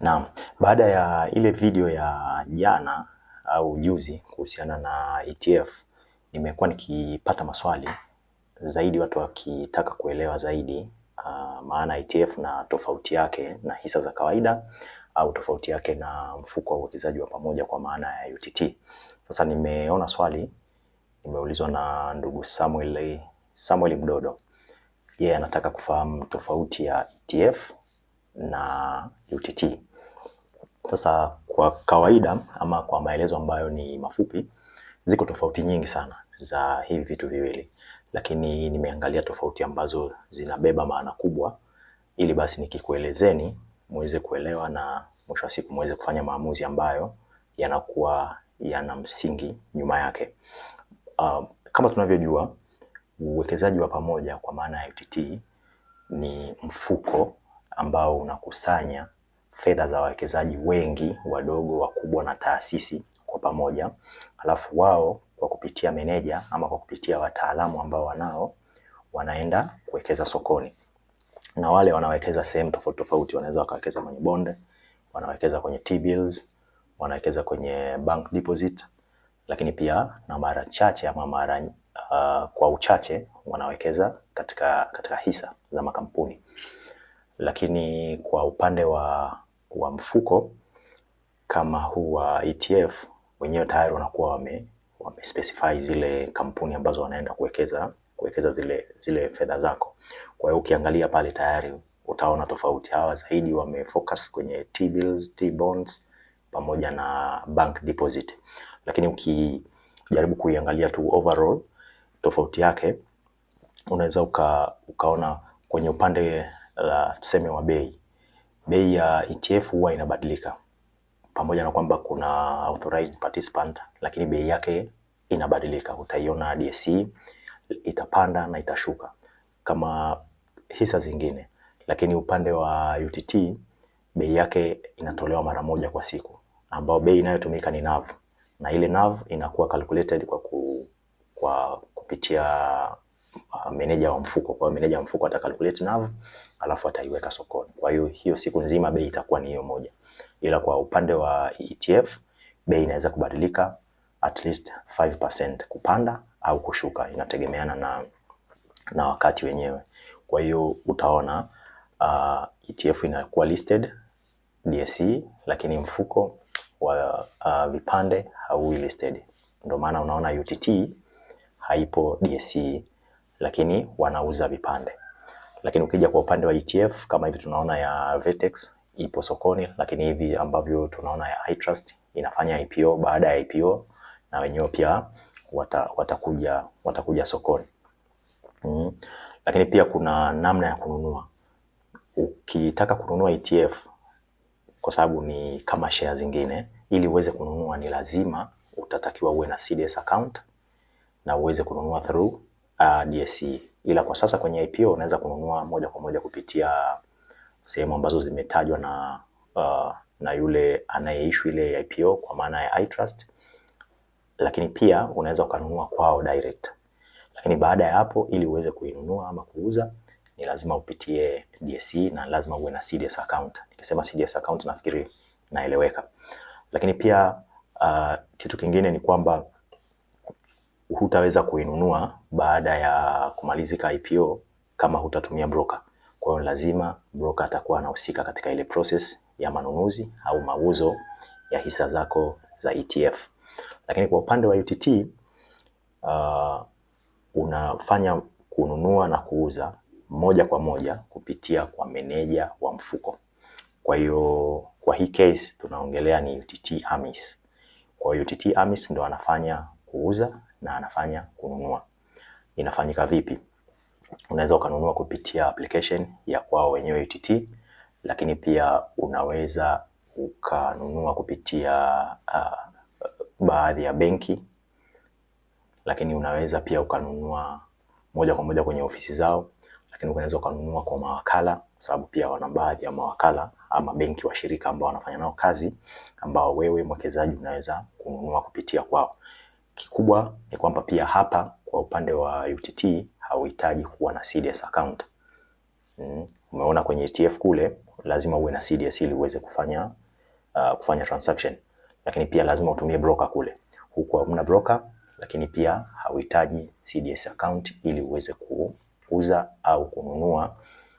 Naam, baada ya ile video ya jana au juzi kuhusiana na ETF nimekuwa nikipata maswali zaidi, watu wakitaka kuelewa zaidi uh, maana ETF na tofauti yake na hisa za kawaida au tofauti yake na mfuko wa uwekezaji wa pamoja kwa maana ya UTT. Sasa nimeona swali nimeulizwa na ndugu Samuel, Samuel Mdodo. Yeye yeah, anataka kufahamu tofauti ya ETF na UTT. Sasa kwa kawaida ama kwa maelezo ambayo ni mafupi, ziko tofauti nyingi sana za hivi vitu viwili, lakini nimeangalia tofauti ambazo zinabeba maana kubwa, ili basi nikikuelezeni muweze kuelewa na mwisho wa siku muweze kufanya maamuzi ambayo yanakuwa yana msingi nyuma yake. Uh, kama tunavyojua uwekezaji wa pamoja kwa maana ya UTT ni mfuko ambao unakusanya fedha za wawekezaji wengi wadogo, wakubwa na taasisi kwa pamoja, alafu wao kwa kupitia meneja ama kwa kupitia wataalamu ambao wanao wanaenda kuwekeza sokoni, na wale wanawekeza sehemu tofauti tofauti. Wanaweza wakawekeza kwenye bonde, wanawekeza kwenye T-bills, wanawekeza kwenye bank deposit, lakini pia na mara chache ama mara uh, kwa uchache wanawekeza katika, katika hisa za makampuni. Lakini kwa upande wa, wa mfuko kama huu wa ETF wenyewe tayari wanakuwa wame, wame specify zile kampuni ambazo wanaenda kuwekeza kuwekeza zile, zile fedha zako. Kwa hiyo ukiangalia pale tayari utaona tofauti. Hawa zaidi wamefocus kwenye T-bills, T-bonds pamoja na bank deposit, lakini ukijaribu kuiangalia tu overall tofauti yake unaweza uka, ukaona kwenye upande la tuseme wa bei, bei ya ETF huwa inabadilika pamoja na kwamba kuna authorized participant, lakini bei yake inabadilika. Utaiona DSE itapanda na itashuka kama hisa zingine, lakini upande wa UTT bei yake inatolewa mara moja kwa siku, ambao bei inayotumika ni NAV na ile NAV inakuwa calculated kwa, ku, kwa kupitia Uh, meneja wa mfuko. Kwa hiyo meneja wa mfuko atakalculate NAV alafu ataiweka sokoni. Kwa hiyo hiyo siku nzima bei itakuwa ni hiyo moja, ila kwa upande wa ETF bei inaweza kubadilika at least 5% kupanda au kushuka, inategemeana na, na wakati wenyewe. Kwa hiyo utaona uh, ETF inakuwa listed DSE, lakini mfuko wa uh, vipande hauwi listed, ndio maana unaona UTT haipo DSE lakini wanauza vipande. Lakini ukija kwa upande wa ETF kama hivi tunaona ya Vertex ipo sokoni, lakini hivi ambavyo tunaona ya iTrust inafanya IPO baada ya IPO na wenyewe pia wata, watakuja, watakuja sokoni mm. Lakini pia kuna namna ya kununua. Ukitaka kununua ETF kwa sababu ni kama share zingine, ili uweze kununua ni lazima utatakiwa uwe na CDS account na uweze kununua through uh, DSE. Ila kwa sasa kwenye IPO unaweza kununua moja kwa moja kupitia sehemu ambazo zimetajwa na uh, na yule anayeishu ile IPO kwa maana ya iTrust, lakini pia unaweza ukanunua kwao direct. Lakini baada ya hapo, ili uweze kuinunua ama kuuza ni lazima upitie DSE na lazima uwe na CDS account. Nikisema CDS account nafikiri naeleweka. Lakini pia uh, kitu kingine ni kwamba hutaweza kuinunua baada ya kumalizika IPO kama hutatumia broker. Kwa hiyo lazima broker atakuwa anahusika katika ile process ya manunuzi au mauzo ya hisa zako za ETF. Lakini kwa upande wa UTT uh, unafanya kununua na kuuza moja kwa moja kupitia kwa meneja wa mfuko. Kwa hiyo kwa hii case tunaongelea ni UTT AMIS. Kwa UTT AMIS ndo anafanya kuuza na anafanya kununua. Inafanyika vipi? Unaweza ukanunua kupitia application ya kwao wenyewe UTT, lakini pia unaweza ukanunua kupitia uh, baadhi ya benki, lakini unaweza pia ukanunua moja kwa moja kwenye ofisi zao, lakini unaweza ukanunua kwa mawakala, sababu pia wana baadhi ya mawakala ama benki washirika ambao wanafanya nao kazi, ambao wewe mwekezaji unaweza kununua kupitia kwao. Kikubwa ni kwamba pia hapa kwa upande wa UTT hauhitaji kuwa na CDS account. Mm. Umeona kwenye ETF kule lazima uwe na CDS ili uweze kufanya uh, kufanya transaction. Lakini pia lazima utumie broker kule. Huko hamna broker, lakini pia hauhitaji CDS account ili uweze kuuza au kununua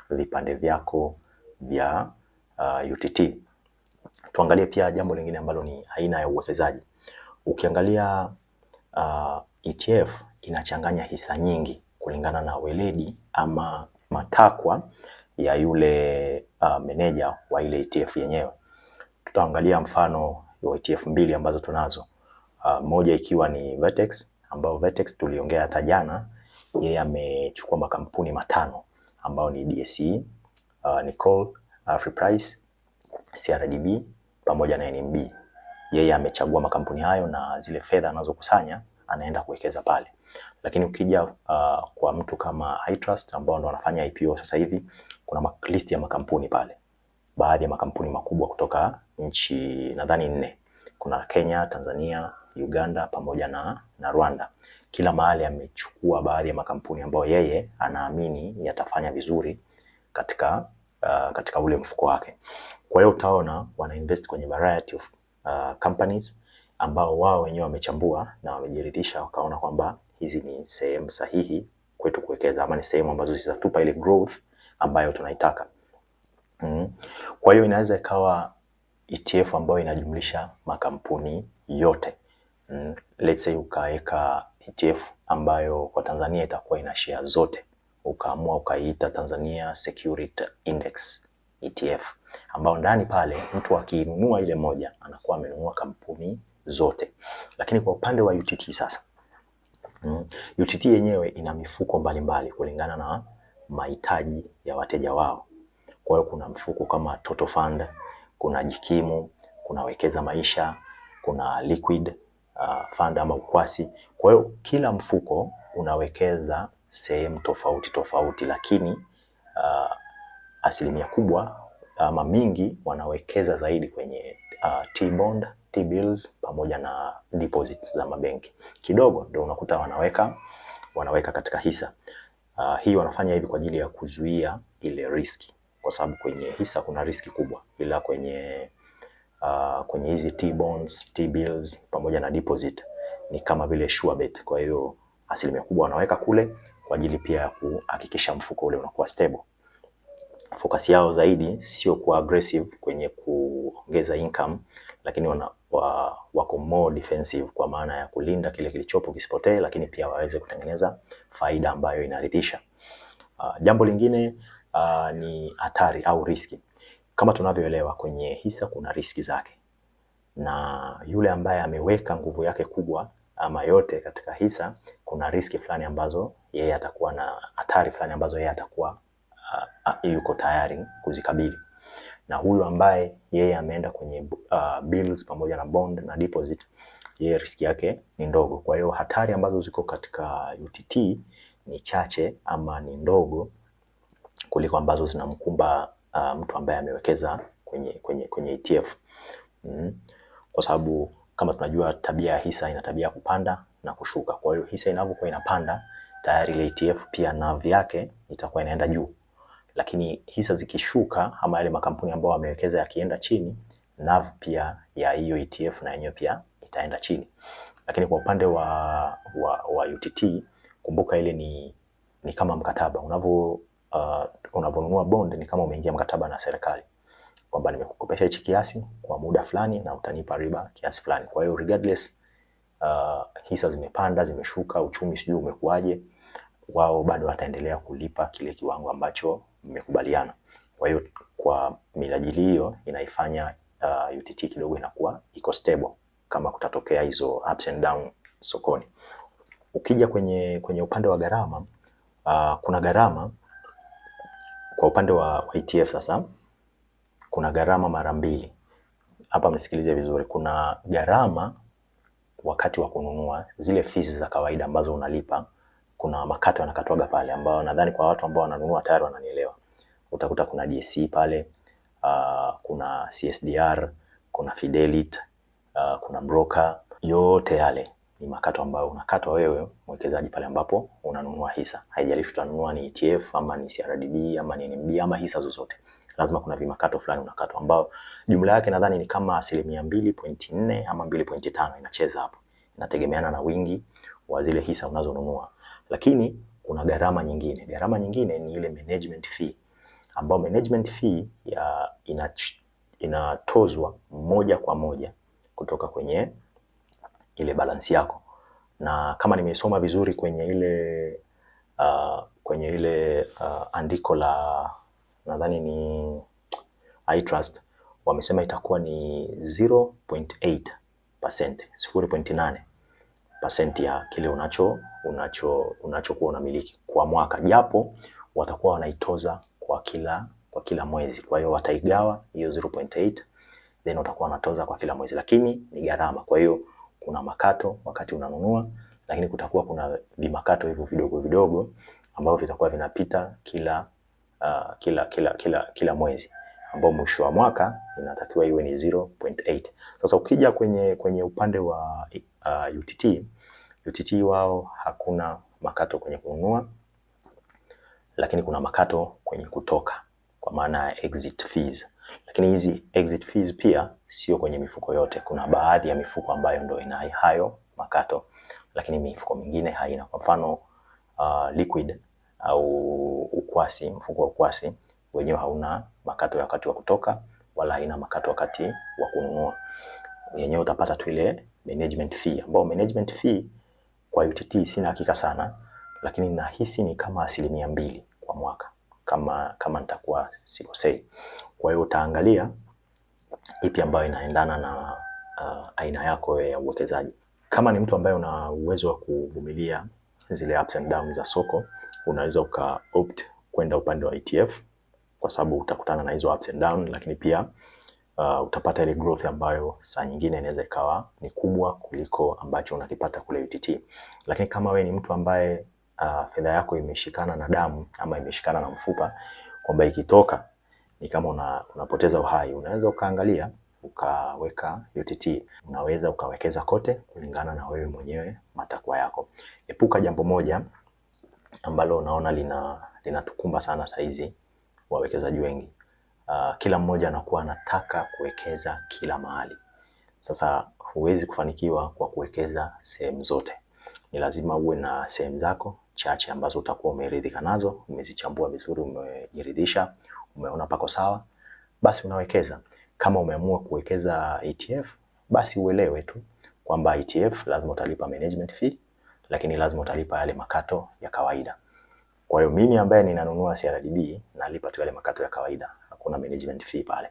vipande vyako vya uh, UTT. Tuangalie pia jambo lingine ambalo ni aina ya uwekezaji. Ukiangalia uh, ETF inachanganya hisa nyingi kulingana na weledi ama matakwa ya yule uh, meneja wa ile ETF yenyewe. Tutaangalia mfano wa ETF mbili ambazo tunazo uh, moja ikiwa ni Vertex ambao Vertex tuliongea hata jana, yeye amechukua makampuni matano ambao ni DSE, uh, Nicole, Afriprice, uh, CRDB pamoja na NMB yeye amechagua makampuni hayo na zile fedha anazokusanya anaenda kuwekeza pale. Lakini ukija uh, kwa mtu kama iTrust ambao ndo wanafanya IPO sasa hivi, kuna list ya makampuni pale, baadhi ya makampuni makubwa kutoka nchi nadhani nne, kuna Kenya, Tanzania, Uganda pamoja na, na Rwanda. Kila mahali amechukua baadhi ya makampuni ambayo yeye anaamini yatafanya vizuri katika, uh, katika ule mfuko wake. Kwa hiyo utaona wana invest kwenye variety of Uh, companies ambao wao wenyewe wamechambua na wamejiridhisha wakaona kwamba hizi ni sehemu sahihi kwetu kuwekeza ama ni sehemu ambazo zitatupa ile growth ambayo tunaitaka. Mm. Kwa hiyo inaweza ikawa ETF ambayo inajumlisha makampuni yote. Mm. Let's say ukaweka ETF ambayo kwa Tanzania itakuwa ina share zote, ukaamua ukaiita Tanzania Security Index ETF ambao ndani pale mtu akinunua ile moja anakuwa amenunua kampuni zote. Lakini kwa upande wa UTT sasa, mm, UTT yenyewe ina mifuko mbalimbali mbali kulingana na mahitaji ya wateja wao. Kwa hiyo kuna mfuko kama Toto Fund, kuna Jikimu, kuna Wekeza Maisha, kuna Liquid uh, Fund ama ukwasi. Kwa hiyo kila mfuko unawekeza sehemu tofauti tofauti, lakini uh, asilimia kubwa ama mingi wanawekeza zaidi kwenye uh, T-bond, T-bills pamoja na deposits za mabenki. Kidogo ndio unakuta wanaweka wanaweka katika hisa. Uh, hii wanafanya hivi kwa ajili ya kuzuia ile riski kwa sababu kwenye hisa kuna riski kubwa, ila kwenye uh, kwenye hizi T-bonds, T-bills pamoja na deposit ni kama vile sure bet. Kwa hiyo asilimia kubwa wanaweka kule kwa ajili pia ya kuhakikisha mfuko ule unakuwa stable focus yao zaidi sio kuwa aggressive kwenye kuongeza income, lakini wana, wa, wako more defensive kwa maana ya kulinda kile kilichopo kisipotee, lakini pia waweze kutengeneza faida ambayo inaridhisha. Uh, ah, jambo lingine uh, ni hatari au riski. Kama tunavyoelewa kwenye hisa kuna riski zake, na yule ambaye ameweka nguvu yake kubwa ama yote katika hisa, kuna riski fulani ambazo yeye atakuwa na hatari fulani ambazo yeye atakuwa uh, yuko tayari kuzikabili, na huyu ambaye yeye ameenda kwenye uh, bills pamoja na bond na deposit, yeye riski yake ni ndogo. Kwa hiyo hatari ambazo ziko katika UTT ni chache ama ni ndogo kuliko ambazo zinamkumba uh, mtu ambaye amewekeza kwenye, kwenye, kwenye ETF mm. Mm-hmm. Kwa sababu kama tunajua tabia ya hisa ina tabia ya kupanda na kushuka. Kwa hiyo hisa inavyokuwa inapanda tayari ile ETF pia NAV yake itakuwa inaenda juu lakini hisa zikishuka ama yale makampuni ambayo wamewekeza yakienda chini, NAV pia ya hiyo ETF na yenyewe pia itaenda chini. Lakini kwa upande wa, wa, wa UTT kumbuka ile ni, ni kama mkataba unavyo uh, unavyonunua bond ni kama umeingia mkataba na serikali kwamba nimekukopesha hichi kiasi kwa muda fulani na utanipa riba kiasi fulani. Kwa hiyo regardless uh, hisa zimepanda zimeshuka, uchumi sijui umekuaje, wao bado wataendelea kulipa kile kiwango ambacho mmekubaliana. Kwa hiyo kwa minajili hiyo inaifanya uh, UTT kidogo inakuwa iko stable kama kutatokea hizo ups and down sokoni. Ukija kwenye, kwenye upande wa gharama uh, kuna gharama kwa upande wa ETF sasa kuna gharama mara mbili hapa, msikilize vizuri. Kuna gharama wakati wa kununua zile fees za kawaida ambazo unalipa, kuna makato yanakatwaga pale, ambao nadhani kwa watu ambao wananunua tayari wananielewa utakuta kuna DSC pale uh, kuna CSDR, kuna Fidelity uh, kuna broker. Yote yale ni makato ambayo unakatwa wewe mwekezaji pale ambapo unanunua hisa, haijalishi utanunua ni ETF ama ni CRDB ama ni NMB ama hisa zozote, lazima kuna vimakato fulani unakatwa, ambao jumla yake nadhani ni kama asilimia mbili pointi nne ama mbili pointi tano inacheza hapo, inategemeana na wingi wa zile hisa unazonunua, lakini kuna gharama nyingine. Gharama nyingine ni ile management fee ambao management fee ya inatozwa moja kwa moja kutoka kwenye ile balance yako, na kama nimesoma vizuri kwenye ile uh, kwenye ile uh, andiko la nadhani ni iTrust wamesema itakuwa ni 0.8%, 0.8% ya kile unacho unacho unachokuwa unamiliki kwa mwaka, japo watakuwa wanaitoza kwa kila kwa kila mwezi. Kwa hiyo wataigawa hiyo 0.8 then utakuwa unatoza kwa kila mwezi, lakini ni gharama. Kwa hiyo kuna makato wakati unanunua, lakini kutakuwa kuna vimakato hivyo vidogo vidogo ambavyo vitakuwa vinapita kila uh, kila kila kila kila mwezi ambao mwisho wa mwaka inatakiwa iwe ni 0.8. Sasa ukija kwenye kwenye upande wa uh, ah, UTT, UTT wao hakuna makato kwenye kununua lakini kuna makato kwenye kutoka kwa maana ya exit fees. Lakini hizi exit fees pia sio kwenye mifuko yote, kuna baadhi ya mifuko ambayo ndio ina hayo makato, lakini mifuko mingine haina. Kwa mfano uh, liquid au ukwasi, mfuko wa ukwasi wenyewe hauna makato ya wakati wa kutoka wala haina makato wakati wa kununua, yenyewe utapata tu ile management fee, ambayo management fee kwa UTT sina hakika sana, lakini nahisi ni kama asilimia mbili mwaka kama, kama nitakuwa sikosei. Kwa hiyo utaangalia ipi ambayo inaendana na uh, aina yako ya uwekezaji. Kama ni mtu ambaye una uwezo wa kuvumilia zile ups and downs za soko, unaweza uka opt kwenda upande wa ETF kwa sababu utakutana na hizo ups and down, lakini pia uh, utapata ile growth ambayo saa nyingine inaweza ikawa ni kubwa kuliko ambacho unakipata kule UTT. Lakini kama we ni mtu ambaye uh, fedha yako imeshikana na damu ama imeshikana na mfupa, kwamba ikitoka ni kama una, unapoteza uhai. Unaweza ukaangalia ukaweka UTT, unaweza ukawekeza kote kulingana na wewe mwenyewe matakwa yako. Epuka jambo moja ambalo unaona lina linatukumba sana saizi wawekezaji wengi uh, kila mmoja anakuwa anataka kuwekeza kila mahali. Sasa huwezi kufanikiwa kwa kuwekeza sehemu zote ni lazima uwe na sehemu zako chache ambazo utakuwa umeridhika nazo, umezichambua vizuri, umejiridhisha, umeona pako sawa, basi unawekeza. Kama umeamua kuwekeza ETF, basi uelewe tu kwamba ETF lazima utalipa management fee, lakini lazima utalipa yale makato ya kawaida. Kwa hiyo mimi ambaye ninanunua CRDB nalipa tu yale makato ya kawaida, hakuna management fee pale,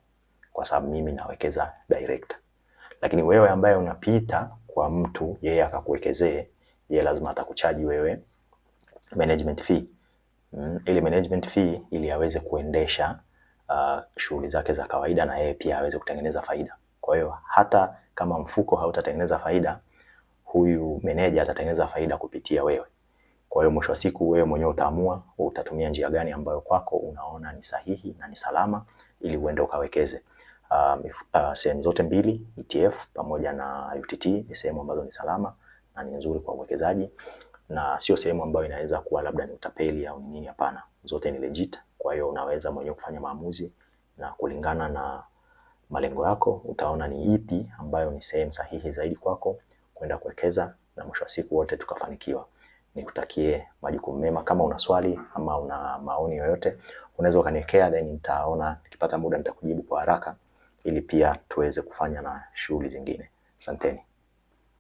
kwa sababu mimi nawekeza direct. Lakini wewe ambaye unapita kwa mtu yeye akakuwekezee yeye lazima atakuchaji wewe management fee mm, ili management fee ili aweze kuendesha uh, shughuli zake za kawaida na yeye pia aweze kutengeneza faida. Kwa hiyo hata kama mfuko hautatengeneza faida, huyu meneja atatengeneza faida kupitia wewe. Kwa hiyo mwisho wa siku wewe mwenyewe utaamua utatumia njia gani ambayo kwako unaona ni sahihi na ni salama ili uende ukawekeze. Uh, uh, sehemu zote mbili ETF pamoja na UTT ni sehemu ambazo ni salama na ni nzuri kwa uwekezaji na sio sehemu ambayo inaweza kuwa labda ni utapeli au nini. Hapana, zote ni legit. Kwa hiyo unaweza mwenyewe kufanya maamuzi na kulingana na malengo yako utaona ni ipi ambayo ni sehemu sahihi zaidi kwako kwenda kuwekeza, na mwisho wa siku wote tukafanikiwa. Nikutakie majukumu mema. Kama una swali ama una maoni yoyote unaweza ukaniwekea, then nitaona nikipata muda nitakujibu kwa haraka, ili pia tuweze kufanya na shughuli zingine. Asanteni.